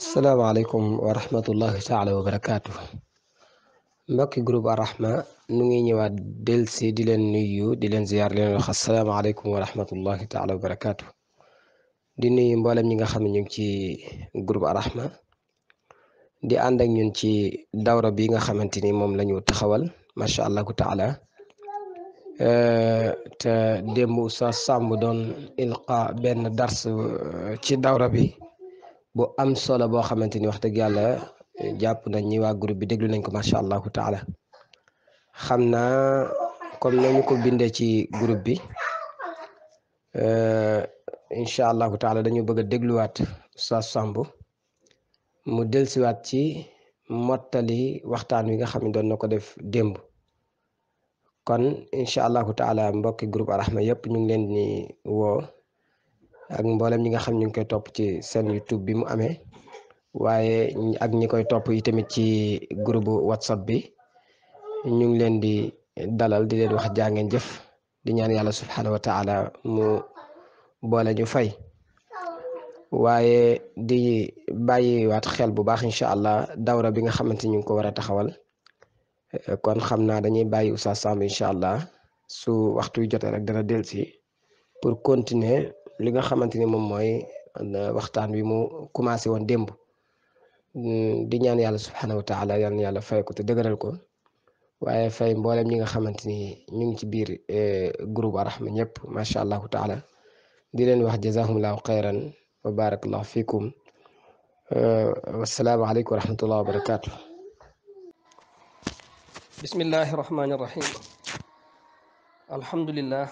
salaamaaleykum wa rahmatullahi taala wa mbokki groupe arrahma nu ngi ñëwaat delsi di leen nuyu di leen ziyaar leen wax asalaamaaleykum wa rahmatullahi taala wa di nuyu mboolem ñi nga xam ne ñu ngi ci groupe arrahma di ànd ak ñun ci dawra bi nga xamante ni moom la ñu taxawal macha allahu taala eh, te démb oustaz doon ilqa benn dars eh, ci dawra bi bu am solo boo xamanteni wax deug yalla japp nañ ni wa groupe bi deglu nañ ko masha allahu taala xamna comme nañ ko bindé ci groupe bi euh, incha allahu taala dañu bëgg deglu wat sa sambu mu del ci motali waxtaan wi nga xamni ne nako ko def demb kon incha allahu taala mbokk groupe arahma yëpp ñu ngi leen ni wo ak mboolem ñi nga xam ñu ngi koy topp ci seen YouTube bi mu amee waaye ak ñi koy topp yi tamit ci groupe WhatsApp bi ñu ngi leen di dalal di leen wax jaa jëf di ñaan yàlla subhaanahu wa taala mu boole ñu fay waaye di waat xel bu baax incha allah dawra bi nga xamante ñu ngi ko war a taxawal kon xam naa dañuy bàyyi Oustaz Samb incha allah su waxtu wi jotee rek dana dellusi pour continuer. li nga xamanteni mom moy waxtan bi mu commencé won démb di ñaan yàlla subhanahu wa taala yalla na yàlla fay ko te dëgëral ko waye fay mbolam ñi nga xamanteni ñu ngi ci biir groupe arham ñep ma sha Allah taala di len wax jazahumullahu khairan wa barakallahu fikum assalamu alaykum wa rahmatullahi wa barakatuh bismillahir rahmanir rahim alhamdulillah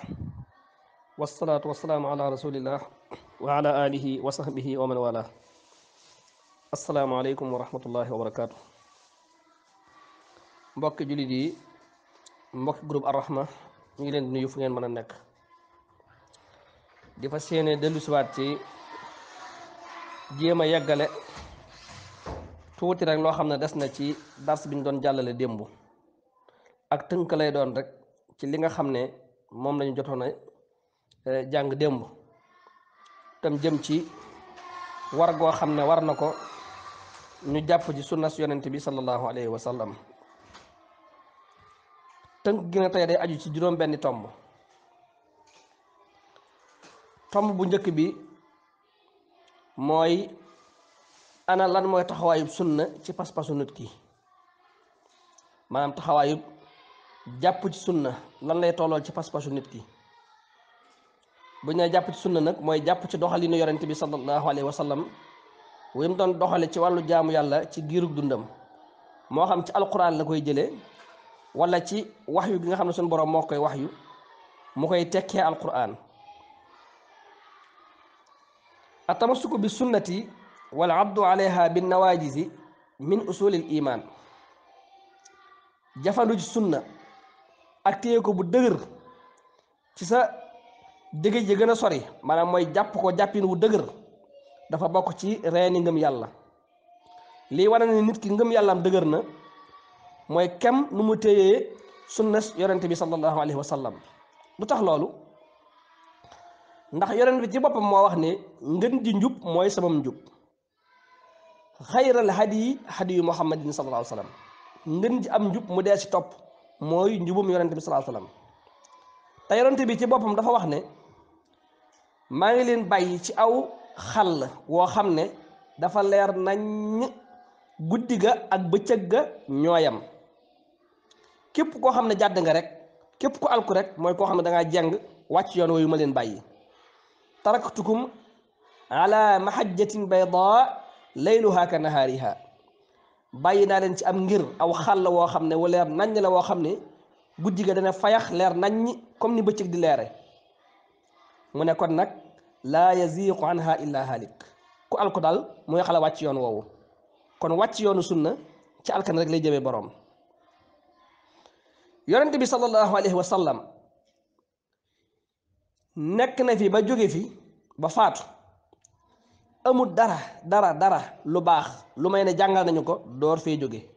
wasalaatu wasalaamu ala rasulillah wa ala alihi wa sahbihi wa man wala asalaamaaleykum wa rahmatullahi wa barakaatu mbokki jullit yi mbokki groupe Arrahma ñu ngi leen di nuyu fu ngeen mën a nekk di fa séene dellu siwaat ci jéem a yeggale tuuti rek loo xam ne des na ci dars bi ñu doon jàllale démb ak tënk lay doon rek ci li nga xam ne moom lañu jotoon a Eh, jàng démb tam jëm ci war goo xam ne war na ko ñu jàpp ci sunnas yonent bi sallallahu alayhi wa sallam tënk gi na tey day aju ci juróom benni tomb tomb bu njëkk bi mooy ana lan mooy taxawaayub sunna ci pas-pasu nit ki maanaam taxawaayub jàpp ci sunna lan lay tolloo ci pas-pasu nit ki bu ñu jàpp ci sunna nak moy jàpp ci doxalinu yaronte bi sallallahu alayhi wa sallam wi mu doon doxale ci walu jaamu yàlla ci giiruk dundam mo xam ci alquran la koy jele wala ci wahyu gi nga xamne sun borom mo koy wahyu mu koy tekke alquran atamasuku bi sunnati wal abdu alayha bin nawajiz min usul al iman jafandu ci sunna ak teyeko bu deugur ci sa dëgëj ji gën a sori maanaam mooy jàpp ko jàppin wu dëgër dafa bokk ci reeni ngëm yàlla lii wana ne nit ki ngëm am dëgër na mooy kem nu mu téyee sunna yonent bi sallallahu alayhi wa lu tax loolu ndax yonent bi ci boppam moo wax ne ngën ji njub mooy samam njub xayral hadiyi hadiyu muhammadin sallallahu alayhi wa sallam ngën ji am njub mu dee ci topp mooy njubum yonent bi sallallahu alayhi te yonent bi ci boppam dafa wax ne maa ngi leen bàyyi ci aw xàll woo xam ne dafa leer naññ guddi ga ak bëccëg ga ñooyam képp koo xam ne jàdd nga rek képp ku alku rek mooy koo xam ne da ngaa jàng wàcc yoon wooyu ma leen bàyyi taraktukum ala mahajjatin bayda layluha ka nahaariha bàyyi naa leen ci am ngir aw xàll woo xam ne wu leer naññ la woo xam ne guddi ga dana fayax leer naññi comme ni bëccëg di leere mu ne kon nak la yaziqu anha illa halik ku alko dal moy xala wàcc yoon wowo kon wàcc yoonu sunna ci alkan rek lay jëme borom yonent bi sallallahu alayhi wa sallam nek na fi ba jóge fi ba faatu amul dara dara dara lu bax lu mayne jàngal nañu ko door fe jóge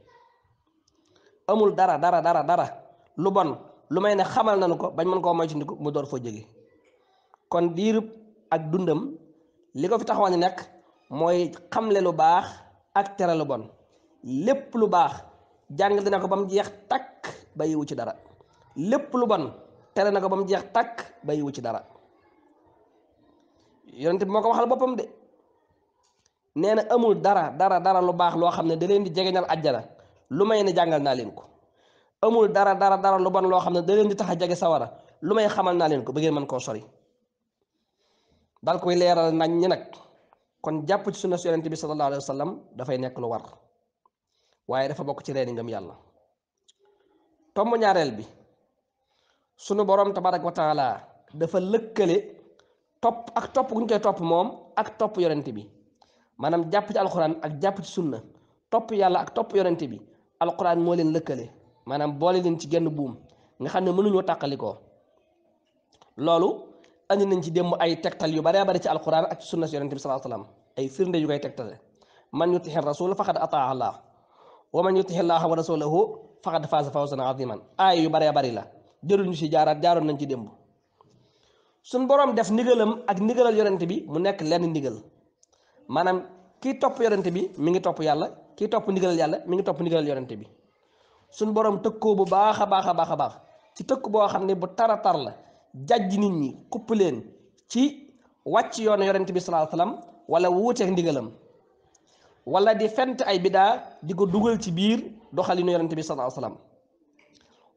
amul dara dara dara dara lu bon lu may ne xamal nañu ko bañ man koo moytandiku mu door foo jóge kon diirub ak dundam li ko fi taxawoon nekk mooy xamle lu baax ak tere lu bon lépp lu baax jàng dina ko ba mu jeex takk bàyyiwu ci dara lépp lu bon tere na ko ba mu jeex takk bàyyiwu ci dara yonent bi moo ko waxal boppam de nee na amul dara dara dara lu baax loo xam ne da leen di jegeñal àjjana lu may ne jàngal naa leen ko amul dara dara dara lu ban lo xamne da len di taxa jage sawara lu may xamal na len ko bëggee man ko sori dal koy leral nañ ni nak kon japp ci sunna su bi sallallahu alaihi wasallam da fay nek lu war waaye dafa bok ci reeni ngam yalla tomu ñaarel bi sunu borom tabarak wa taala dafa lëkkale Top ak top guñ koy top mom ak top yonent bi manam japp ci alquran ak japp ci sunna top yalla ak top yonent bi alquran mo leen lekkale maanaam boole leen ci genn buum nga xam ne mënuñoo tàqalikoo loolu andi nañ ci démb ay tegtal yu baree bari ci alquran ak ci sunna si yonente bi salaa salaam ay firnde yu koy tegtale man yutixi rasul faqad ataa allah wa man yutixi allaha wa rasulahu faqad faasa fawsan aziman aay yu baree bari la jërul ñu si jaaroon nañ ci démb boroom def ndigalam ak ndigalal yonente bi mu nekk lenn ndigal maanaam kii topp yonente bi mi ngi topp yàlla kii topp ndigalal yàlla mi ngi topp ndigalal yonente bi sun borom tëkkoo bu baakha baakha baakha a baax ci tekk bo xamne bu taratar la jajj nit ñi kupp leen ci wàcc yoonu yonent bi alayhi wasallam wala wuuteeg ndigalam wala di fent ay bida di ko duggal ci biir bi alayhi wasallam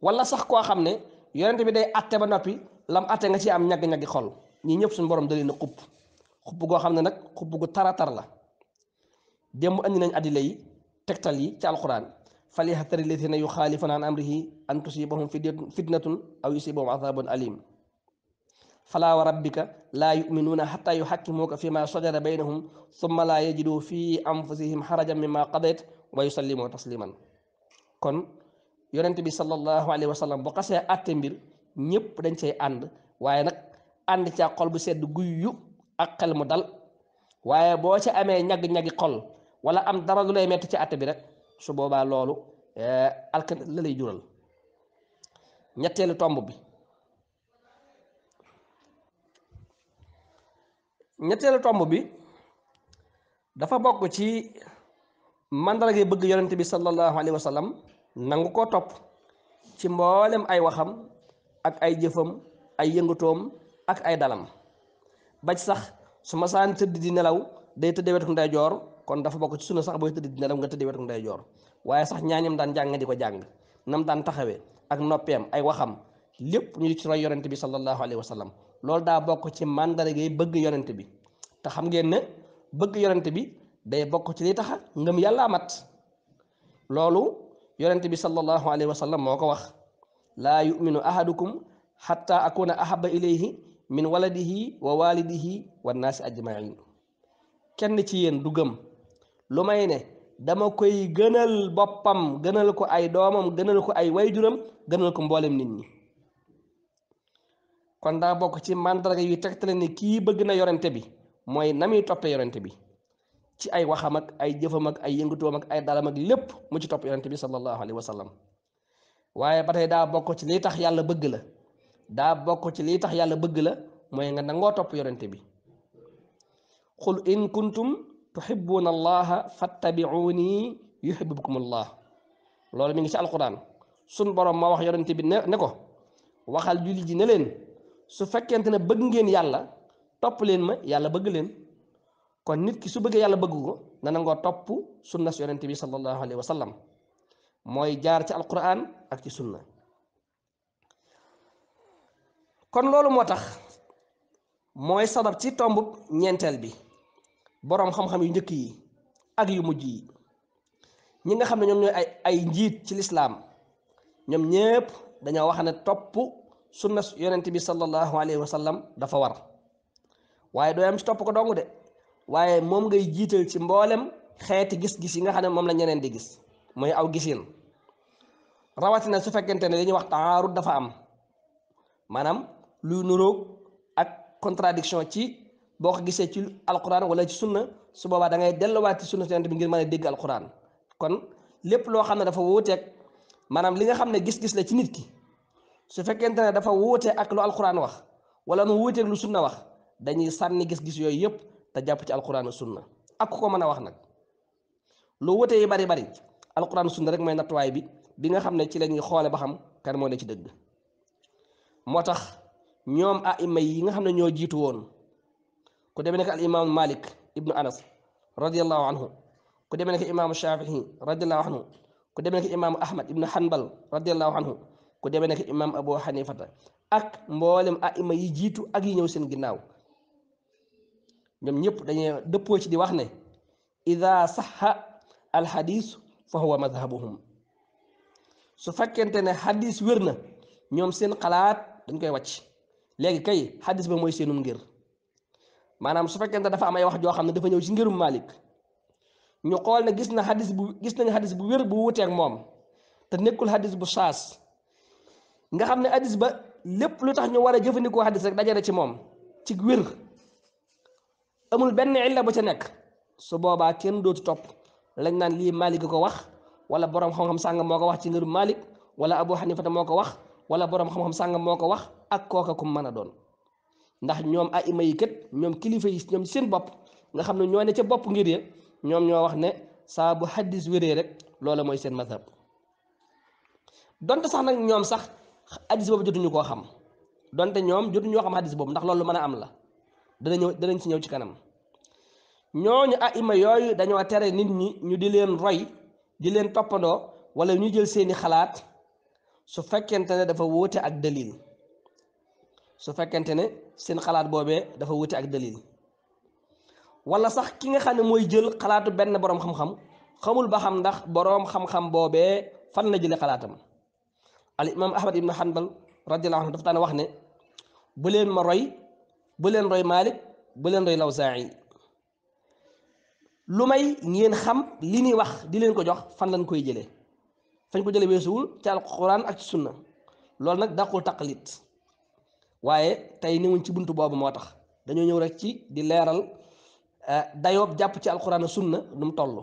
wala sax ko xamne ne day atte ba nopi lam atte nga ci am ñag ñag xol ñi ñëpp sun borom da leen a xupp xupp goo xam ne gu taratar la dem andi nañ adilay tektal yi ci alquran فليحذر الذين يخالفون عن امره ان تصيبهم فتنه او يصيبهم عذاب اليم فلا وربك لا يؤمنون حتى يحكموك فيما شجر بينهم ثم لا يجدوا في انفسهم حرجا مما قضيت ويسلموا تسليما كن يونت بي صلى الله عليه وسلم بقسي اتمبير نيب دنجي اند وايي نك اند تي قلب سد غيو اقل مدل وايي بو تي امي نياغ نياغي قول ولا ام دارا لو ميت تي اتبي رك su boobaa loolu eh, alkan la lay jural ñetteelu tomb bi ñetteelu tomb bi dafa bokk ci mandarga yi bëgg yonent bi sallallahu alayhi wa sallam nangu koo topp ci mboolem ay waxam ak ay jëfam ay yëngutoom ak ay dalam ba sax su ma saan tëdd di nelaw day tëddee wetu ndeyjoor kon dafa bokk ci sunna sax booy tëdd dina dem nga tëddee wetu ndeyjoor waaye sax ñaañam daan jàng di ko jàng nam daan taxawe ak noppeem ay waxam lépp ñu ci roy yonent bi sallallahu alayhi wa sallam loolu daa bokk ci màndargay bëgg yonent bi te xam ngeen ne bëgg yonent bi day bokk ci liy taxa ngëm yàlla mat loolu yonent bi sallallahu alayhi wa sallam moo ko wax laa yuminu ahadukum xatta akuna ahaba ilayhi min waladihi wa walidihi wa naasi ajmain kenn ci yéen du gëm lu may ne dama koy gënal boppam gënal ko ay doomam gënal ko ay wayjuram gënal ko mboolem nit ñi kon daa bokk ci màndarga yu tegtale ni kii bëgg na yorente bi mooy na muy toppee bi ci ay waxam ay jëfam ak ay yëngatoom ak ay dalam lépp mu ci topp yorente bi sallallahu alayhi wa sallam waaye ba tey daa bokk ci liy tax yàlla bëgg la daa bokk ci liy tax yàlla bëgg la mooy nga nangoo topp yorente bi qul in kuntum tuhibbunallaha fattabi'uni yuhibbukumullah loolu mi ngi ci alquran sun borom ma wax yonent bi ne ko waxal julli ji ne leen su fekkente ne bëgg ngeen ma yalla bëgg kon nit ki su bëggee yàlla topu ko na nangoo topp sunna si yonent bi sallallahu alayhi wa sallam jaar ci alquran ak ci sunna kon loolu moo tax mooy sabab ci bi boroom xam-xam yu njëkk yi ak yu mujj yi ñi nga xam ne ñoom ñooy ay ay njiit ci lislaam ñoom ñépp dañoo wax ne topp sunna yonent bi sallallahu alayhi wa sallam dafa war waaye doo am ci topp ko dong de waaye moom ngay jiital ci mboolem xeeti gis-gis yi nga xam ne moom la ñeneen di gis mooy aw gisin rawatina su fekkente ne li wax taarut dafa am maanaam luy nuróog ak contradiction ci boo ko gisee ci alquran wala ci sunna su boobaa dangay ngay ci sunna yonent bi ngir mën a dégg alquran kon lépp loo xam ne dafa wuuteeg maanaam li nga xam ne gis-gis la ci nit ki su fekkente ne dafa wuute ak lu alquran wax wala nu wuuteeg lu sunna wax dañuy sànni gis-gis yooyu yëpp te jàpp ci alquran sunna ak ko mën a wax nag lu wuute yi bari bari alquran sunna rek mooy nattuwaay bi bi nga xam ne ci la ñuy xoole ba xam kan moo ne ci dëgg moo tax ñoom aima yi nga xam ne ñoo jiitu woon ku demee nekk al imaamu malik ibnu anas radiallahu anhu ku demee nekk imaamu shafii radiallahu anhu ku demee nekk imaamu ahmad ibnu hanbal radiallahu anhu ku demee nekk imaam abu hanifata ak mboolem aima yi jiitu ak yi ñëw seen ginnaaw ñoom ñëpp dañuy dëppoo ci di wax ne ida saxa alxadis fa huwa madhabuhum su fekkente ne xadis wér na ñoom seen xalaat dañ koy wàcc léegi kay xadis ba mooy seenum ngir maanaam su fekkee fekkente dafa am ay wax joo xam ne dafa ñëw ci ngirum Malik ñu xool ne gis na xadis bu gis nañ xadis bu wér bu wuteeg moom te nekkul xadis bu saas nga xam ne xadis ba lépp lu tax ñu war a jëfandikoo xadis rek dajale ci moom ci wér amul benn illa bu ca nekk su boobaa kenn dootu topp lañ naan lii Malik ko wax wala borom xam-xam sàngam moo ko wax ci ngirum Malik wala Abu Xanifata moo ko wax wala borom xam-xam sàngam moo ko wax ak kooka kum mën a doon. ndax ñoom a ima yi kat ñoom kilifa yi ñoom seen bopp nga xam ne ñoo ne ca bopp ngir ya ñoom ñoo wax ne saa bu xaddis wéree rek loola mooy seen mazhab donte sax nag ñoom sax xaddis boobu jotuñu koo xam donte ñoom jotuñoo xam xaddis boobu ndax loolu mën a am la dana ñëw danañ si ñëw ci kanam ñooñu a ima yooyu dañoo tere nit ñi ñu di leen roy di leen toppandoo wala ñu jël seeni xalaat su fekkente ne dafa wóote ak dalil su fekkente ne seen xalaat boobee dafa wuti ak dalil wala sax ki nga xam ne mooy jël xalaatu benn boroom xam-xam xamul ba xam ndax boroom xam-xam boobee fan la jëlee xalaatam al imam ahmad ibn hanbal radiyallahu anhu dafa daan wax ne bu leen ma roy bu leen roy malik bu leen roy lawsaa'i lu may ngeen xam li ñuy wax di leen ko jox fan lañ koy jëlee fañ ko jële weesuwul ci alquran ak ci sunna loolu nag dàqul taqlit waaye tey newuñ ci bunt boobu moo tax dañoo ñëw rek ci di leeral eh, dayoob jàpp ci alxuraan sunna nu mu toll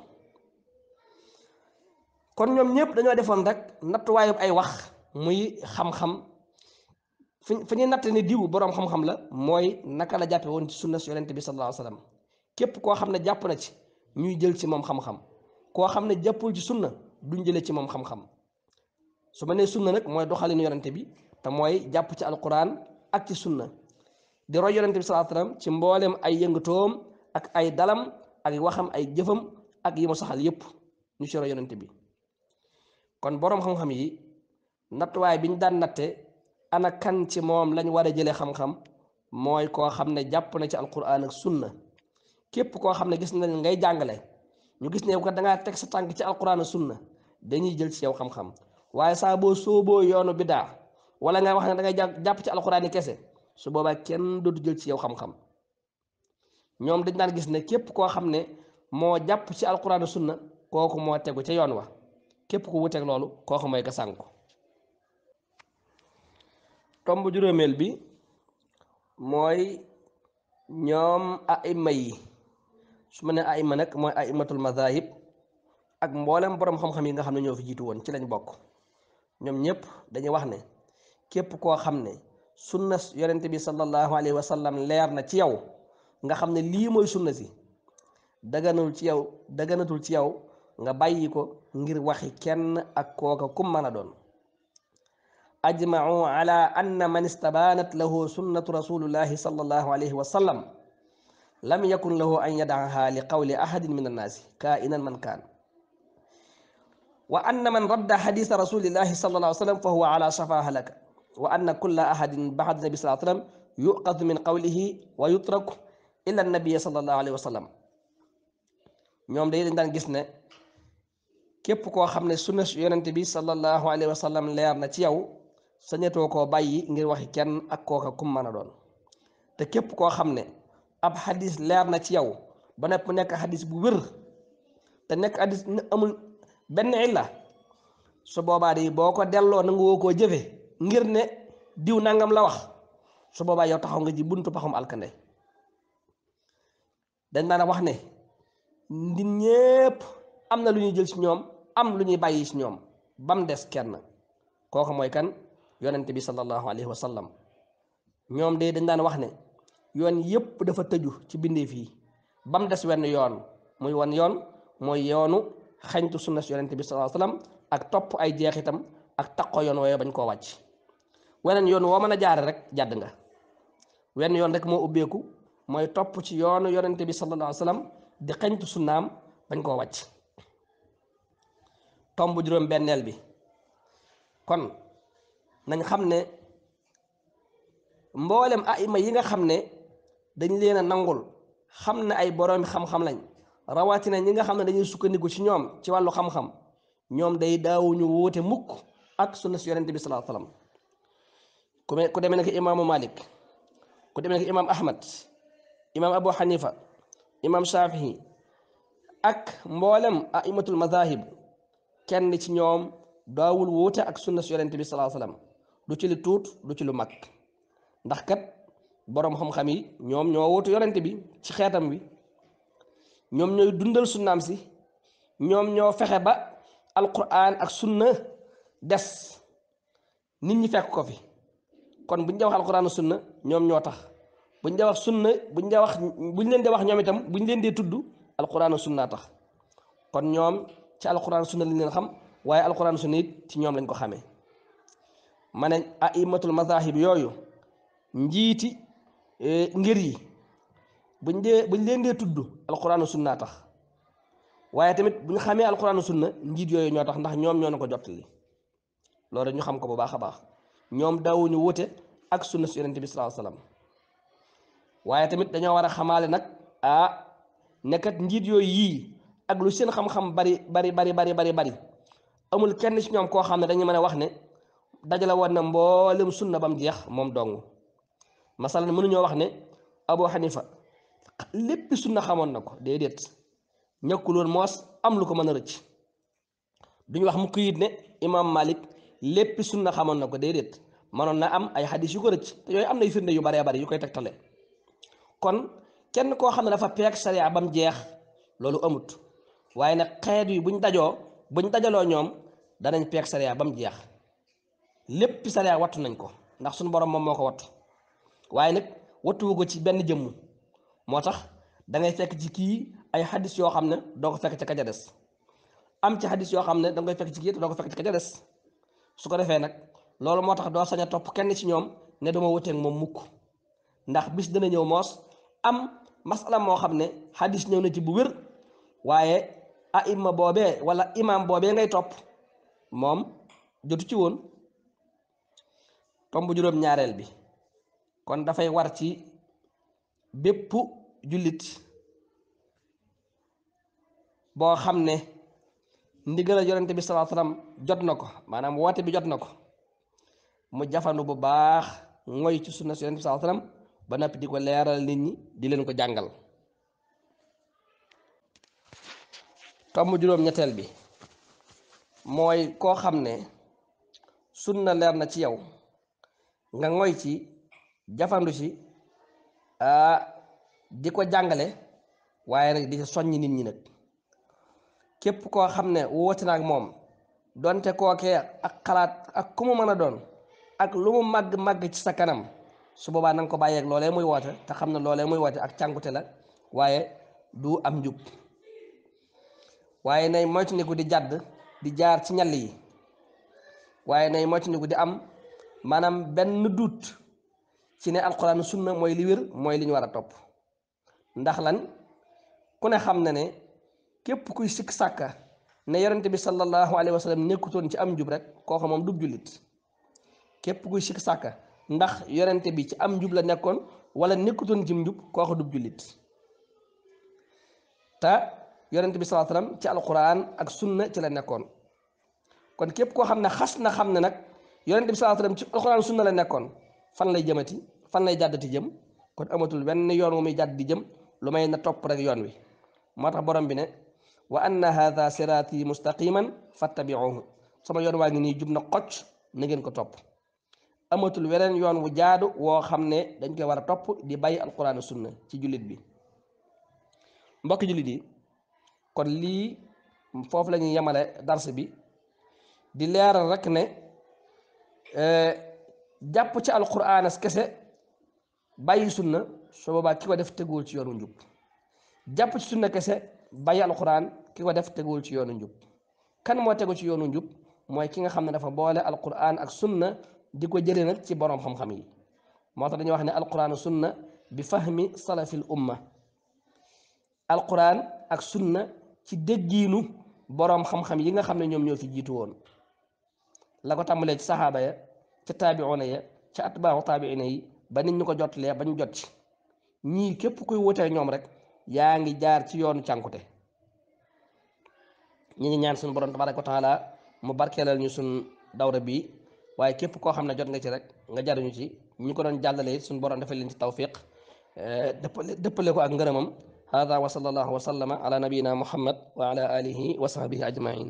kon ñoom ñëpp dañoo defoon rek nattuwaayub ay wax muy xam-xam fi fi ñuy natt ni diw boroom xam-xam la mooy naka la jàppe woon ci sunna si yonent bi sallallahu alayhi képp koo xam ne jàpp na ci ñuy jël ci moom xam-xam koo xam ne jàppul ci sunna duñ jëlee ci moom xam su ma nee sunna nag mooy doxalinu yonent bi te mooy jàpp ci alquran ak ci sunna di roy yonente bi salaa salaam ci mbooleem ay yëngatoom ak ay dalam ak waxam ay jëfam ak yi mu saxal yépp ñu ci roy yonente bi kon boroom xam-xam yi nattuwaay bi ñu daan natte ana kan ci moom lañu war a jëlee xam-xam mooy koo xam ne jàpp na ci alquran ak sunna képp koo xam ne gis nañ ngay jàngale ñu gis ne ko dangaa teg sa tànk ci alquran ak sunna dañuy jël ci yow xam-xam waaye saa boo sóoboo yoonu bidaa wala nga wax ne da ngay jàpp ci alxuraan yi kese su boobaa kenn dootu jël ci yow xam-xam ñoom dañ daan gis ne képp koo xam ne moo jàpp ci alxuraan sunna kooku moo tegu ca yoon wa képp ku wuteeg loolu kooku mooy ka sànku tomb juróomeel bi mooy ñoom aima yi su ma ne aima nag mooy aimatul mazahib ak mboolem boroom xam-xam yi nga xam ne ñoo fi jiitu woon ci lañ bokk ñoom ñëpp dañuy wax ne képp كو خامني سنة يونت بي صلى الله عليه وسلم ليرنا تي ياو nga xamne li moy sunna ci daganul ci yow daganatul ci yow nga bayiko ngir waxi kenn ak koka kum mana don ajmau ala anna man istabanat lahu sunnatu rasulillahi sallallahu alayhi wa sallam lam yakun lahu an yadaha li qawli ahadin min an-nas kainan man kan wa anna man radda hadith rasulillahi sallallahu alayhi wa sallam fa huwa ala safa halaka wa anna kulla ahadin ba'da nabi sallallahu alayhi wa sallam yuqadu min qawlihi wa yutraku illa nabiya sallallahu ñoom day dañ daan gis ne képp koo xam ne sunna yonente bi sallallahu alayhi wa sallam leer na ci yow sañetoo koo bàyyi ngir waxi kenn ak kooka mën a doon te képp koo xam ne ab xadis leer na ci yow ba nepp nekk xadis bu wér te nekk xadis amul benn illa su boobaa de boo ko delloo nangu woo koo jëfe ngir ne diw nangam la wax su boba yow taxaw nga ji buntu paxum alkande dañ na wax ne nit ñepp amna na jël ci ñom am luñu bayyi ci ñom bam dess kenn kooku moy kan yonent bi sallallahu Alaihi Wasallam. ñom de dañ na wax ne yon yépp dafa teju ci binde fi bam dess wenn yon muy wan yon moy yonu xañtu sunna si bi sallallahu alaihi wasallam ak top ay jeexitam ak takko yon way bañ ko wacc weneen yoon woo mën a jaare rek jàdd nga wenn yoon rek moo ubbeeku mooy topp ci yoonu yonente bi sallallahu alayhi wa sallam di xañtu sunnaam bañ koo wàcc tomb juróom benneel bi kon nañ xam ne mboolem a aima yi nga xam ne dañuy leen a nangul xam ne ay boroomi xam-xam lañ rawatina ñi nga xam ne dañuy sukkandiku ci ñoom ci wàllu xam-xam ñoom day daawuñu wóote mukk ak sunna si yonente bi sallallahu alayhi wa sallam ku demee nekk imaamu Malik ku demee nekk imaam Ahmad imaam Abu Hanifa imaam Shafii ak mboolem aimatul mazahib kenn ci ñoom daawul wuute ak sunna su yonente bi salaa salaam du ci lu tuut du ci lu mag ndax kat boroom xam-xam yi ñoom ñoo wuutu yonente bi ci xeetam wi ñoom ñooy dundal sunnaam si ñoom ñoo fexe ba alquran ak sunna des nit ñi fekk ko fi kon bu ñu dee wax alxuraan sunna ñoom ñoo tax bu ñu dee wax sunna bu ñu dee bu ñu leen dee wax ñoom itam bu leen dee tudd alxuraan sunna tax kon ñoom ci alxuraan sunna lañ leen xam waaye alxuraan sunna it ci ñoom lañ ko xamee ma ne aimatul mazahib yooyu njiiti eh, ngir yi buñ dee buñ leen dee tudd alxuraan sunna tax waaye tamit bu ñu xamee alxuraan sunna njiit yooyu ñoo tax ndax ñoom ñoo na ko jottali loolu ñu xam ko bu baax a baax. ñoom daawuñu wute ak sunna su yonent bi sallallahu alayhi wasallam waaye tamit dañoo war a xamaale nag ah nekkat njiit yooyu yii ak lu seen xam-xam bari bari bari bari bari bari amul kenn ci ñoom koo xam ne dañu mën a wax ne dajale woon na mboolem sunna bam jeex moom dong masalan mënuñoo wax ne Abu Hanifa lépp sunna xamoon na ko déedéet ñàkkul moos am lu ko mën a rëcc duñu wax mukk ne Imam Malik lépp na xamoon na ko déedéet manoon na am ay xadis yu ko rëcc te yooyu am na nay firnde yu baree bari yu koy tegtale kon kenn koo xam ne dafa peeg sariya ba jeex loolu amut waaye nag xeet yi buñ dajoo buñ dajaloo ñoom danañ peeg sariya ba mu jeex lépp sariya wattu nañ ko ndax suñu borom moom moo ko wattu waaye nag wattuwu ko ci benn jëmm moo tax dangay ngay fekk ci kii ay xadis yoo xam ne doo ko fekk ci kaja des am ci xadis yoo xam ne da nga ci kii te ko fekk ka ca des su ko defee nag loolu moo tax doo sañ a topp kenn ci ñoom ne duma wuteeg moom mukk ndax bis dana ñëw moos am masala moo xam ne xadis ñëw na ci bu wér waaye aima boobee wala imam boobee ngay topp moom jotu ci woon tomb juróom ñaareel bi kon dafay war ci bépp jullit boo xam ne ndigalal yonente bi salaa jot na ko maanaam woote bi jot na ko mu jafandu bu baax ngoy ci sunna si yonente bi salaa ba noppi di ko leeral nit ñi di leen ko jàngal tomb juróom-ñetteel bi mooy koo xam ne sunna leer na ci yow nga ngoy ci jafandu si ah, di ko jàngale waaye nag di soññ nit ñi nag képp koo xam ne woote na ak moom donte kookee ak xalaat ak ku mu mën a doon ak lu mu màgg màgg ci sa kanam su boobaa na ko bàyyeeg loolee muy woote te xam ne loole muy woote ak càngute la waaye du am njub waaye nay moytandiku di jàdd di jaar ci ñal yi waaye nay moytandiku di am maanaam benn duut ci ne alxuraan sunna mooy li mooy liñ ñu war a topp ndax lan ku ne xam na ne képp kuy sikk sàkka ne yonente bi sallallahu alayhi wa sallam nekkutoon ci am njub rek kooka moom dub jullit képp kuy sikk sàkka ndax yonente bi ci am njub la nekkoon wala nekkutoon ci njub kooka dub jullit te bi sallallahu ci alquran ak sunna ci la nekkoon kon képp koo xam ne xas na xam ne nag yonente bi sallallahu alayhi wa ci alquran sunna la nekkoon fan lay jëmati fan lay jàddati jëm kon amatul wenn yoon wu muy jàdd di jëm lu may na topp rek yoon wi moo tax borom bi ne wa anna hadha siraati mustaqiman fattabiuhu sama yoon waa ngi nii jub na xocc na ngeen ko topp amatul weneen yoon wu jaadu woo xam ne dañ ko war a topp di bàyyi alquran sunna ci jullit bi mbokki jullit kon lii foofu la yemale dars bi di leeral rek ne e, jàpp ci alquran kese bàyyi sunna su ba ki ko def teguwul ci yoonu njub jàpp ci sunna kese bàyyi alquran ki ko def teguwul ci yoonu njub kan moo tegu ci yoonu njub mooy ki nga xam ne dafa boole alquran ak sunna di ko jëlee nag ci boroom xam-xam yi moo tax dañuy wax ne alquran sunna bi fahmi salafil umma alquran ak sunna ci déggiinu boroom xam-xam yi nga xam ne ñoom ñoo fi jiitu woon la ko tàmbalee ci saxaaba ya ca taabiuna ya ca atbaaxu taabiina yi ba nit ñu ko jotlee ba ñu jot ci ñii képp kuy wutee ñoom rek yaa ngi jaar ci yoonu cànkute ñu ngi ñaan suñu borom tabaraka wa taala mu barkeelal ñu suñ dawra bii waaye képp koo xam ne jot nga ci rek nga jariñu ci ñu ko doon jàllale suñu borom defal leen ci tawfiq eh, dëpp dëppale ko ak ngërëmam hada wa sallallahu wa sallama ala nabiyina muhammad wa ala alihi wa sahbihi ajmain